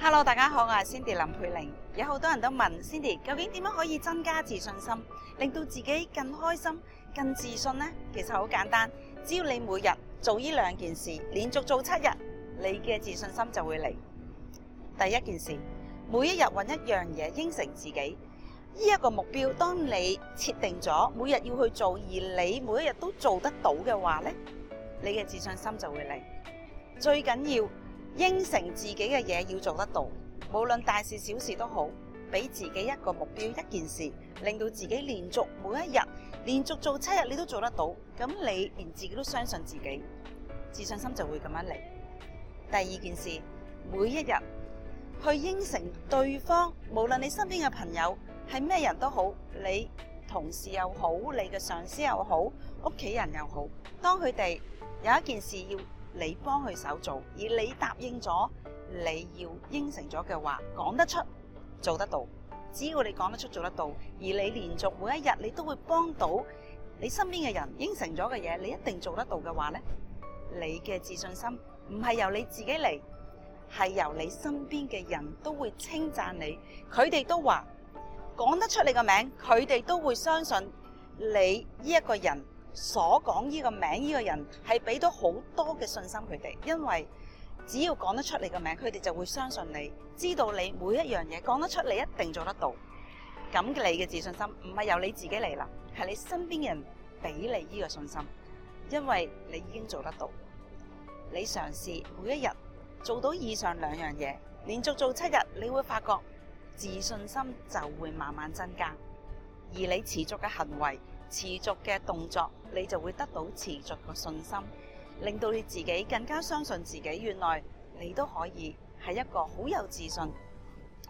Hello，大家好，我係 Cindy 林佩玲，有好多人都問 Cindy 究竟點樣可以增加自信心，令到自己更開心、更自信呢？其實好簡單，只要你每日做呢兩件事，連續做七日，你嘅自信心就會嚟。第一件事，每一日搵一樣嘢應承自己，呢一個目標，當你設定咗每日要去做，而你每一日都做得到嘅話呢，你嘅自信心就會嚟。最緊要。應承自己嘅嘢要做得到，無論大事小事都好，俾自己一個目標，一件事，令到自己連續每一日，連續做七日，你都做得到，咁你連自己都相信自己，自信心就會咁樣嚟。第二件事，每一日去應承對方，無論你身邊嘅朋友係咩人都好，你同事又好，你嘅上司又好，屋企人又好，當佢哋有一件事要。你幫佢手做，而你答應咗，你要應承咗嘅話，講得出，做得到。只要你講得出，做得到，而你連續每一日你都會幫到你身邊嘅人，應承咗嘅嘢，你一定做得到嘅話呢，你嘅自信心唔係由你自己嚟，係由你身邊嘅人都會稱讚你，佢哋都話講得出你個名，佢哋都會相信你呢一個人。所講呢個名呢個人係俾到好多嘅信心佢哋，因為只要講得出你個名，佢哋就會相信你，知道你每一樣嘢講得出，你一定做得到。咁嘅你嘅自信心唔係由你自己嚟啦，係你身邊嘅人俾你呢個信心，因為你已經做得到。你嘗試每一日做到以上兩樣嘢，連續做七日，你會發覺自信心就會慢慢增加，而你持續嘅行為。持續嘅動作，你就會得到持續嘅信心，令到你自己更加相信自己。原來你都可以係一個好有自信、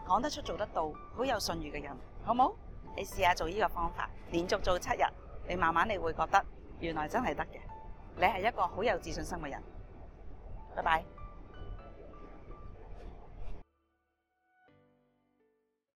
講得出、做得到、好有信譽嘅人，好冇？你試下做呢個方法，連續做七日，你慢慢你會覺得，原來真係得嘅。你係一個好有自信心嘅人。拜拜。